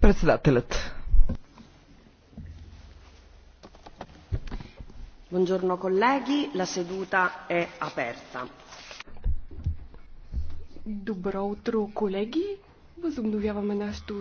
Председателят. Buongiorno colleghi, la seduta è aperta. Добро утро, колеги! Възобновяваме нашето